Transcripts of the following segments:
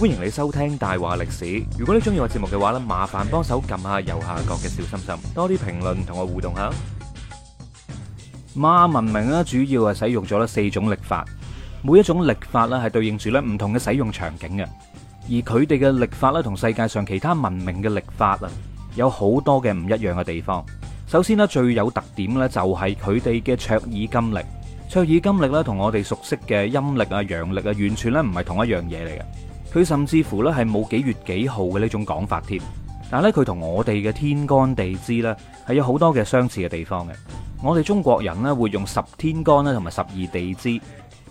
歡迎你收聽大話歷史。如果你中意我節目嘅話咧，麻煩幫手撳下右下角嘅小心心，多啲評論同我互動下。瑪文明咧主要係使用咗咧四種曆法，每一種曆法咧係對應住咧唔同嘅使用場景嘅。而佢哋嘅曆法咧同世界上其他文明嘅曆法啊，有好多嘅唔一樣嘅地方。首先咧最有特點咧就係佢哋嘅卓爾金曆，卓爾金曆咧同我哋熟悉嘅陰曆啊、陽曆啊，完全咧唔係同一樣嘢嚟嘅。佢甚至乎咧係冇幾月幾號嘅呢種講法添，但係咧佢同我哋嘅天干地支呢係有好多嘅相似嘅地方嘅。我哋中國人呢會用十天干咧同埋十二地支，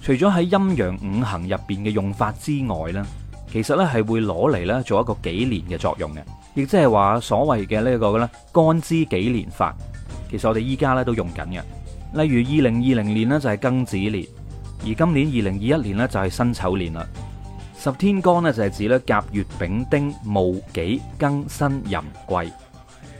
除咗喺陰陽五行入邊嘅用法之外呢，其實呢係會攞嚟呢做一個紀年嘅作用嘅，亦即係話所謂嘅呢一個咧干支紀年法，其實我哋依家呢都用緊嘅。例如二零二零年呢就係庚子年，而今年二零二一年呢就係辛丑年啦。十天干呢，就係指咧甲、乙、丙、丁、戊、己、庚、辛、壬、癸；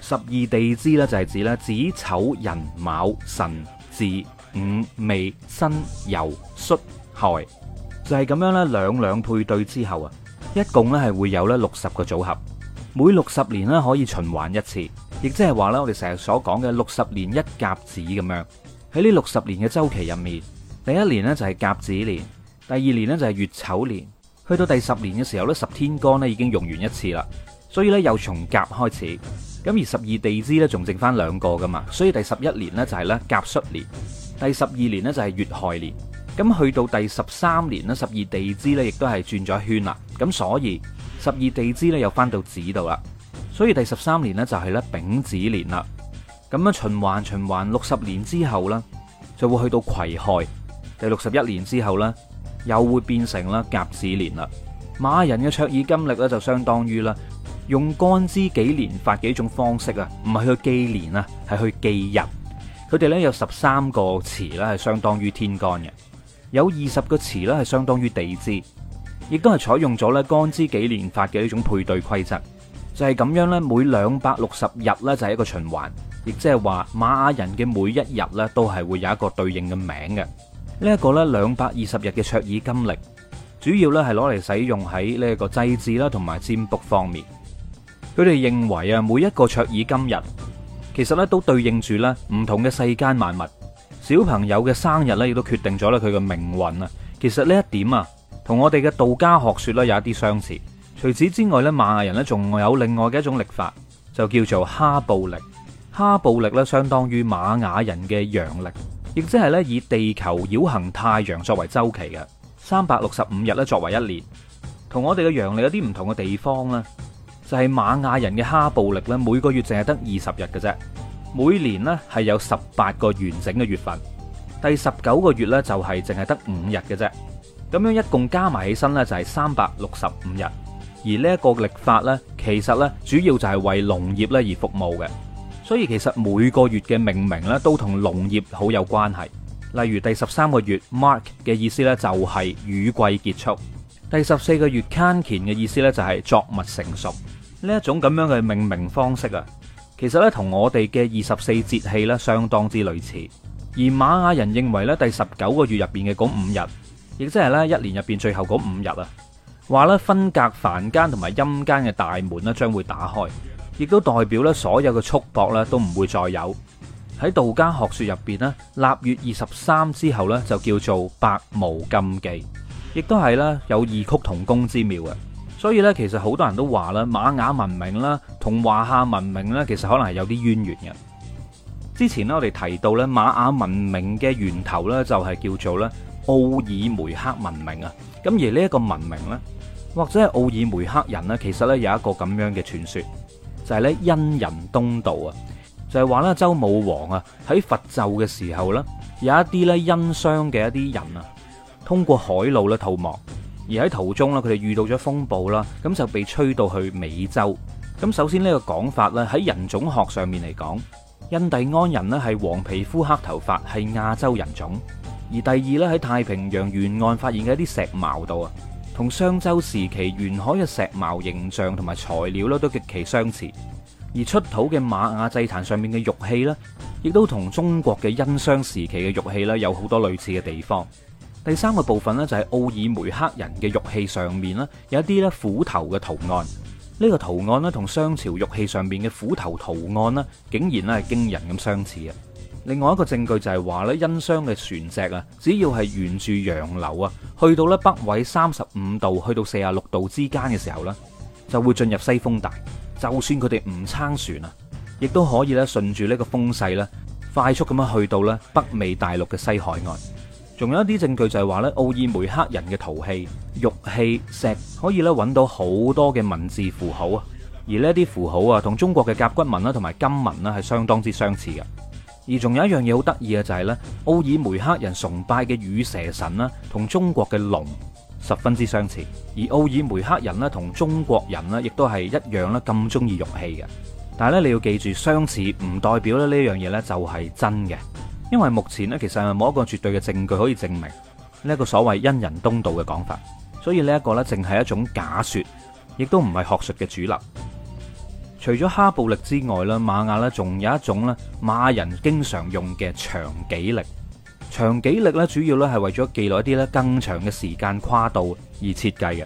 十二地支咧就係指咧子、丑、寅、卯、辰、巳、午、未、申、酉、戌、亥。就係咁樣咧，兩兩配對之後啊，一共咧係會有咧六十個組合。每六十年咧可以循環一次，亦即係話咧，我哋成日所講嘅六十年一甲子咁樣。喺呢六十年嘅周期入面，第一年呢就係甲子年，第二年呢就係乙丑年。去到第十年嘅時候呢，十天干呢已經用完一次啦，所以呢，又從甲開始。咁而十二地支呢，仲剩翻兩個噶嘛，所以第十一年呢，就係呢甲戌年，第十二年呢，就係乙亥年。咁去到第十三年呢，十二地支呢，亦都係轉咗一圈啦。咁所以十二地支呢，又翻到子度啦，所以第十三年呢，就係呢丙子年啦。咁樣循環循環六十年之後呢，就會去到癸亥。第六十一年之後呢。又會變成啦甲子年啦，瑪雅人嘅卓爾金曆咧就相當於啦用干支紀年法嘅一種方式啊，唔係去紀年啊，係去記日。佢哋呢有十三個詞啦，係相當於天干嘅；有二十個詞啦，係相當於地支，亦都係採用咗咧干支紀年法嘅一種配對規則。就係咁樣呢，每兩百六十日呢就係一個循環，亦即係話瑪雅人嘅每一日呢都係會有一個對應嘅名嘅。呢一個咧兩百二十日嘅卓爾金歷，主要咧係攞嚟使用喺呢一個祭祀啦同埋占卜方面。佢哋認為啊，每一個卓爾金日，其實咧都對應住咧唔同嘅世間萬物。小朋友嘅生日咧，亦都決定咗咧佢嘅命運啊。其實呢一點啊，同我哋嘅道家學説咧有一啲相似。除此之外咧，瑪雅人咧仲有另外嘅一種曆法，就叫做哈布歷。哈布歷咧相當於瑪雅人嘅陽歷。亦即係咧，以地球繞行太陽作為周期嘅三百六十五日咧作為一年，我同我哋嘅陽歷有啲唔同嘅地方啦，就係、是、瑪雅人嘅哈布歷咧，每個月淨係得二十日嘅啫，每年呢係有十八個完整嘅月份，第十九個月呢就係淨係得五日嘅啫，咁樣一共加埋起身呢，就係三百六十五日，而呢一個歷法呢，其實呢主要就係為農業呢而服務嘅。所以其實每個月嘅命名咧，都同農業好有關係。例如第十三個月 Mark 嘅意思咧，就係雨季結束；第十四個月 Kankin 嘅意思咧，就係作物成熟。呢一種咁樣嘅命名方式啊，其實咧同我哋嘅二十四節氣咧相當之類似。而瑪雅人認為呢，第十九個月入邊嘅嗰五日，亦即係咧一年入邊最後嗰五日啊，話咧分隔凡間同埋陰間嘅大門咧將會打開。亦都代表咧，所有嘅束縛咧都唔會再有。喺道家學說入邊咧，臘月二十三之後咧就叫做百無禁忌，亦都係咧有異曲同工之妙嘅。所以咧，其實好多人都話啦，瑪雅文明啦同華夏文明咧，其實可能係有啲淵源嘅。之前咧，我哋提到咧瑪雅文明嘅源頭咧就係叫做咧奧爾梅克文明啊。咁而呢一個文明咧或者係奧爾梅克人咧，其實咧有一個咁樣嘅傳說。就係咧，殷人東道啊，就係話咧，周武王啊喺伐紂嘅時候啦，有一啲咧殷商嘅一啲人啊，通過海路咧逃亡，而喺途中咧佢哋遇到咗風暴啦，咁就被吹到去美洲。咁首先呢個講法咧喺人種學上面嚟講，印第安人咧係黃皮膚黑頭髮係亞洲人種，而第二咧喺太平洋沿岸發現嘅一啲石矛刀啊。同商周時期沿海嘅石矛形象同埋材料咧都極其相似，而出土嘅瑪雅祭壇上面嘅玉器呢亦都同中國嘅殷商時期嘅玉器呢有好多類似嘅地方。第三個部分呢，就係奧爾梅克人嘅玉器上面呢有一啲咧虎頭嘅圖案，呢、呢個圖案呢，同商朝玉器上面嘅虎頭圖案呢竟然呢係驚人咁相似啊！另外一個證據就係話呢，殷商嘅船隻啊，只要係沿住洋流啊，去到呢北緯三十五度去到四十六度之間嘅時候呢，就會進入西風帶。就算佢哋唔撐船啊，亦都可以呢順住呢個風勢呢，快速咁樣去到呢北美大陸嘅西海岸。仲有一啲證據就係話呢，奧爾梅克人嘅陶器、玉器、石可以咧揾到好多嘅文字符號啊，而呢啲符號啊，同中國嘅甲骨文啦，同埋金文啦係相當之相似嘅。而仲有一樣嘢好得意嘅就係呢奧爾梅克人崇拜嘅羽蛇神啦，同中國嘅龍十分之相似。而奧爾梅克人咧同中國人咧，亦都係一樣咧咁中意玉器嘅。但係咧，你要記住，相似唔代表咧呢樣嘢咧就係真嘅，因為目前咧其實係冇一個絕對嘅證據可以證明呢一個所謂因人東道嘅講法。所以呢一個咧，淨係一種假說，亦都唔係學術嘅主流。除咗哈布曆之外咧，瑪雅咧仲有一種咧，瑪雅人經常用嘅長紀曆。長紀曆咧，主要咧係為咗記錄一啲咧更長嘅時間跨度而設計嘅。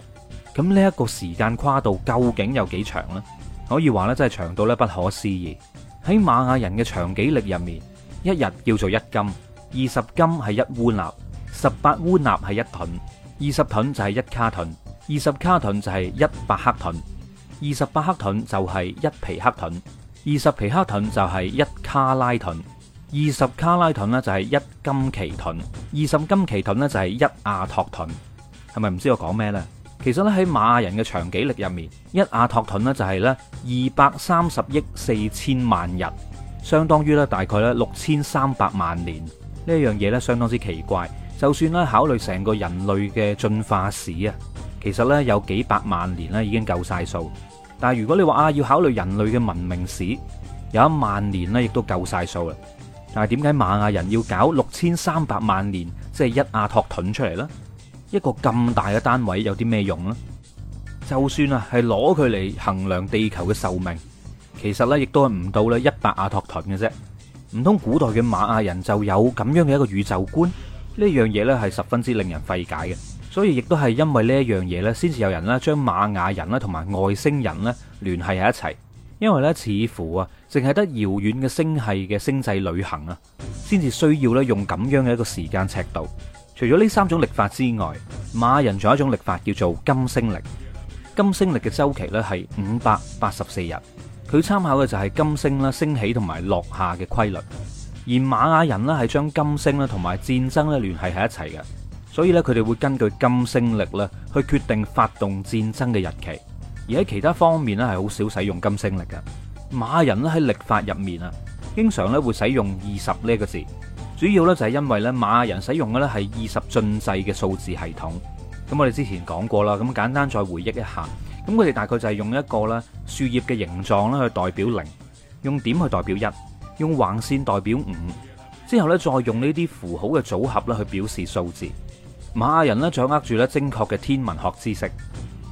咁呢一個時間跨度究竟有幾長咧？可以話咧，真係長到咧不可思議。喺瑪雅人嘅長紀曆入面，一日叫做一金，二十金係一烏納，十八烏納係一盾，二十盾就係一卡盾，二十卡盾就係一百克盾。二十八克盾就係一皮克盾，二十皮克盾就係一卡拉盾，二十卡拉盾呢就係一金奇盾，二十金奇盾呢就係一亞托盾。係咪唔知我講咩呢？其實咧喺瑪雅人嘅長紀曆入面，一亞托盾呢就係呢二百三十億四千萬人，相當於呢大概呢六千三百萬年。呢一樣嘢，呢相當之奇怪，就算呢考慮成個人類嘅進化史啊。其實咧有幾百萬年咧已經夠晒數，但係如果你話啊要考慮人類嘅文明史，有一萬年咧亦都夠晒數啦。但係點解瑪雅人要搞六千三百萬年，即係一阿托盾出嚟呢？一個咁大嘅單位有啲咩用呢？就算啊係攞佢嚟衡量地球嘅壽命，其實咧亦都係唔到咧一百阿托盾嘅啫。唔通古代嘅瑪雅人就有咁樣嘅一個宇宙觀？呢樣嘢咧係十分之令人費解嘅。所以亦都係因為呢一樣嘢咧，先至有人咧將瑪雅人咧同埋外星人咧聯繫喺一齊。因為咧似乎啊，淨係得遙遠嘅星系嘅星際旅行啊，先至需要咧用咁樣嘅一個時間尺度。除咗呢三種曆法之外，瑪雅人仲有一種曆法叫做金星曆。金星曆嘅週期咧係五百八十四日，佢參考嘅就係金星啦升起同埋落下嘅規律。而瑪雅人咧係將金星咧同埋戰爭咧聯繫喺一齊嘅。所以咧，佢哋會根據金星曆咧去決定發動戰爭嘅日期。而喺其他方面咧，係好少使用金星曆嘅。瑪雅人喺曆法入面啊，經常咧會使用二十呢一個字，主要咧就係因為咧瑪雅人使用嘅咧係二十進制嘅數字系統。咁我哋之前講過啦，咁簡單再回憶一下。咁佢哋大概就係用一個咧樹葉嘅形狀咧去代表零，用點去代表一，用橫線代表五，之後咧再用呢啲符號嘅組合咧去表示數字。瑪雅人咧掌握住咧精確嘅天文學知識，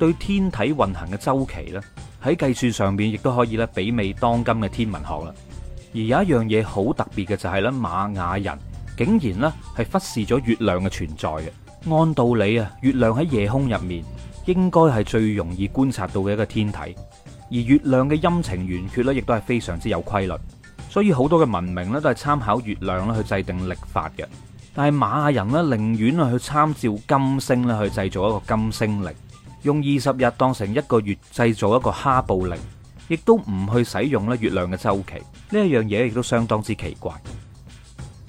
對天體運行嘅周期咧喺計算上邊亦都可以咧媲美當今嘅天文學啦。而有一樣嘢好特別嘅就係咧，瑪雅人竟然咧係忽視咗月亮嘅存在嘅。按道理啊，月亮喺夜空入面應該係最容易觀察到嘅一個天體，而月亮嘅陰晴圓缺咧亦都係非常之有規律，所以好多嘅文明咧都係參考月亮咧去制定曆法嘅。但係瑪雅人咧，寧願啊去參照金星咧去製造一個金星曆，用二十日當成一個月，製造一個哈布曆，亦都唔去使用咧月亮嘅週期。呢一樣嘢亦都相當之奇怪。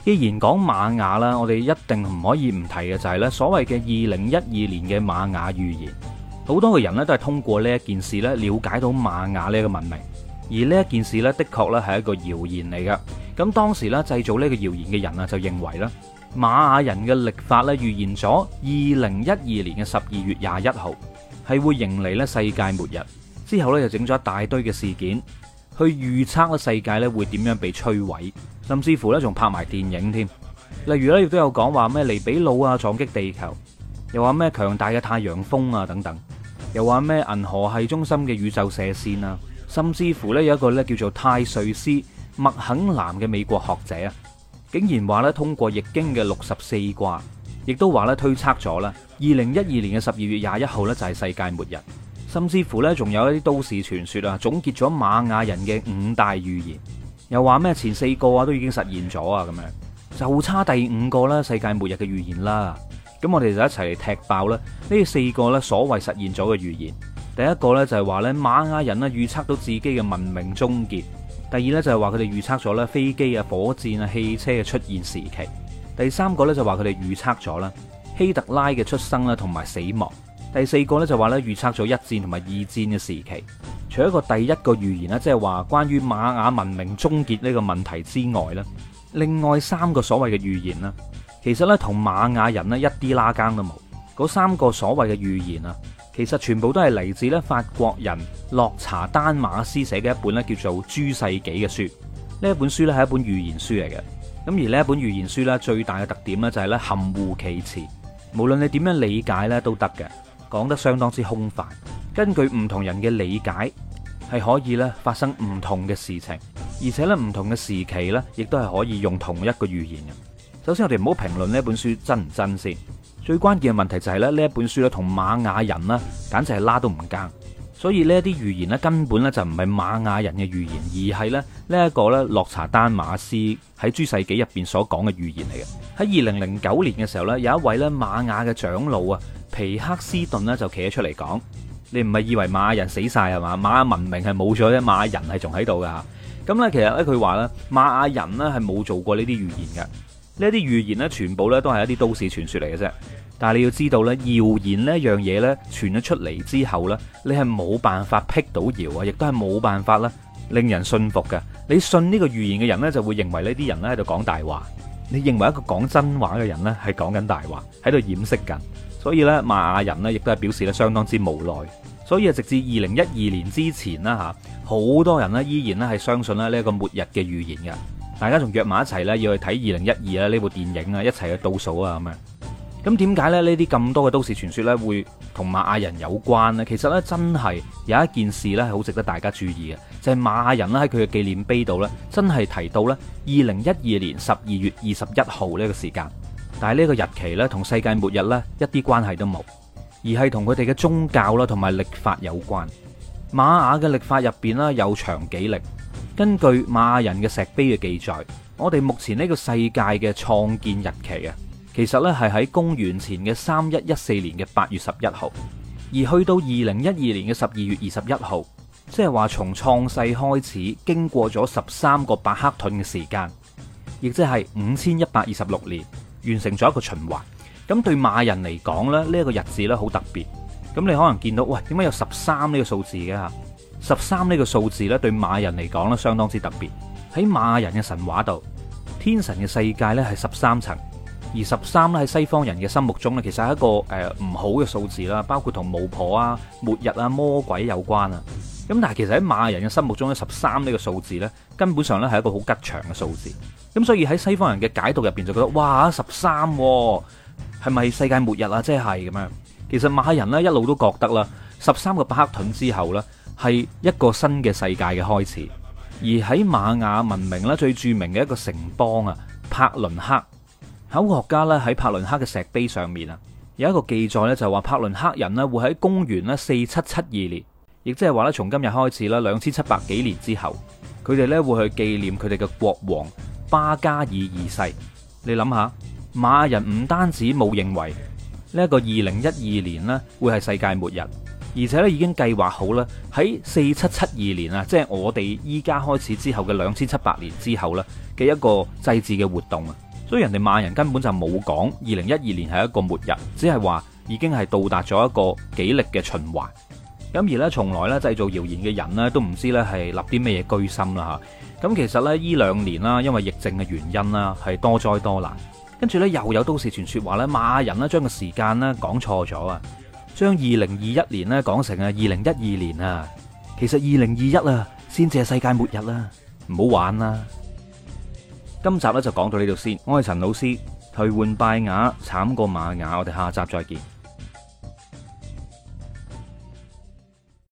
既然講瑪雅啦，我哋一定唔可以唔提嘅就係咧，所謂嘅二零一二年嘅瑪雅預言，好多嘅人咧都係通過呢一件事咧了解到瑪雅呢一個文明。而呢一件事咧的確咧係一個謠言嚟噶。咁當時咧製造呢個謠言嘅人啊就認為咧。瑪雅人嘅曆法咧預言咗二零一二年嘅十二月廿一號係會迎嚟咧世界末日，之後咧就整咗一大堆嘅事件去預測咧世界咧會點樣被摧毀，甚至乎咧仲拍埋電影添。例如咧亦都有講話咩尼比魯啊撞擊地球，又話咩強大嘅太陽風啊等等，又話咩銀河系中心嘅宇宙射線啊，甚至乎咧有一個咧叫做泰瑞斯麥肯南嘅美國學者啊。竟然話咧通過易經嘅六十四卦，亦都話咧推測咗啦，二零一二年嘅十二月廿一號咧就係世界末日，甚至乎咧仲有一啲都市傳說啊，總結咗瑪雅人嘅五大預言，又話咩前四個啊都已經實現咗啊咁樣，就差第五個咧世界末日嘅預言啦。咁我哋就一齊嚟踢爆啦呢四個咧所謂實現咗嘅預言。第一個咧就係話咧瑪雅人咧預測到自己嘅文明終結。第二咧就係話佢哋預測咗咧飛機啊、火箭啊、汽車嘅出現時期。第三個咧就話佢哋預測咗啦希特拉嘅出生啦同埋死亡。第四個咧就話咧預測咗一戰同埋二戰嘅時期。除一個第一個預言呢，即係話關於瑪雅文明終結呢個問題之外咧，另外三個所謂嘅預言啦，其實咧同瑪雅人呢一啲拉更都冇。嗰三個所謂嘅預言啊。其實全部都係嚟自咧法國人洛查丹馬斯寫嘅一本咧叫做《諸世紀》嘅書。呢一本書咧係一本預言書嚟嘅。咁而呢一本預言書咧最大嘅特點咧就係咧含糊其辭。無論你點樣理解咧都得嘅，講得相當之空泛。根據唔同人嘅理解係可以咧發生唔同嘅事情，而且咧唔同嘅時期咧亦都係可以用同一個預言嘅。首先我哋唔好評論呢本書真唔真先。最關鍵嘅問題就係咧，呢一本書咧同瑪雅人咧，簡直係拉都唔夾，所以呢啲預言咧根本咧就唔係瑪雅人嘅預言，而係咧呢一個咧洛查丹馬斯喺《諸世紀》入邊所講嘅預言嚟嘅。喺二零零九年嘅時候咧，有一位咧瑪雅嘅長老啊皮克斯頓咧就企咗出嚟講，你唔係以為瑪雅人死晒係嘛？瑪雅文明係冇咗啫，瑪雅人係仲喺度噶。咁呢，其實咧佢話咧，瑪雅人咧係冇做過呢啲預言嘅。呢啲預言咧，全部咧都係一啲都市傳說嚟嘅啫。但係你要知道咧，謠言呢樣嘢咧傳咗出嚟之後咧，你係冇辦法辟到謠啊，亦都係冇辦法啦，令人信服嘅。你信呢個預言嘅人咧，就會認為呢啲人咧喺度講大話。你認為一個講真話嘅人咧係講緊大話，喺度掩飾緊。所以咧，瑪雅人呢亦都係表示咧相當之無奈。所以啊，直至二零一二年之前啦吓，好多人呢依然咧係相信咧呢一個末日嘅預言嘅。大家仲約埋一齊咧，要去睇二零一二啦呢部電影啊，一齊去倒數啊咁啊！咁點解咧呢啲咁多嘅都市傳說咧會同瑪雅人有關咧？其實咧真係有一件事咧好值得大家注意嘅，就係瑪雅人咧喺佢嘅紀念碑度咧，真係提到咧二零一二年十二月二十一號呢個時間，但係呢個日期咧同世界末日咧一啲關係都冇，而係同佢哋嘅宗教啦同埋曆法有關。瑪雅嘅曆法入邊咧有長紀曆。根據瑪雅人嘅石碑嘅記載，我哋目前呢個世界嘅創建日期啊，其實呢係喺公元前嘅三一一四年嘅八月十一號，而去到二零一二年嘅十二月二十一號，即係話從創世開始經過咗十三個白克盾嘅時間，亦即係五千一百二十六年，完成咗一個循環。咁對瑪雅人嚟講咧，呢、這、一個日子咧好特別。咁你可能見到，喂，點解有十三呢個數字嘅吓？十三呢個數字咧，對馬人嚟講咧，相當之特別。喺馬人嘅神話度，天神嘅世界咧係十三層，而十三咧喺西方人嘅心目中咧，其實係一個誒唔好嘅數字啦，包括同巫婆啊、末日啊、魔鬼有關啊。咁但係其實喺馬人嘅心目中咧，十三呢個數字咧根本上咧係一個好吉祥嘅數字。咁所以喺西方人嘅解讀入邊就覺得哇，十三係咪世界末日啊？即係咁樣。其實馬人咧一路都覺得啦，十三個百克頓之後咧。係一個新嘅世界嘅開始，而喺瑪雅文明咧最著名嘅一個城邦啊，帕倫克，考古學家咧喺帕倫克嘅石碑上面啊，有一個記載呢，就話帕倫克人呢會喺公元呢四七七二年，亦即係話呢，從今日開始咧兩千七百幾年之後，佢哋呢會去紀念佢哋嘅國王巴加爾二世。你諗下，瑪雅人唔單止冇認為呢一個二零一二年呢會係世界末日。而且咧已經計劃好啦，喺四七七二年啊，即係我哋依家開始之後嘅兩千七百年之後啦嘅一個祭祀嘅活動啊。所以人哋瑪雅人根本就冇講二零一二年係一個末日，只係話已經係到達咗一個紀歷嘅循環。咁而咧從來咧製造謠言嘅人呢，都唔知咧係立啲咩嘢居心啦嚇。咁其實呢，依兩年啦，因為疫症嘅原因啦，係多災多難。跟住呢，又有都市傳説話咧瑪雅人咧將個時間咧講錯咗啊！將二零二一年咧講成啊二零一二年啊，其實二零二一啊先至係世界末日啦，唔好玩啦。今集呢就講到呢度先，我係陳老師，退換拜瓦，慘過瑪雅，我哋下集再見。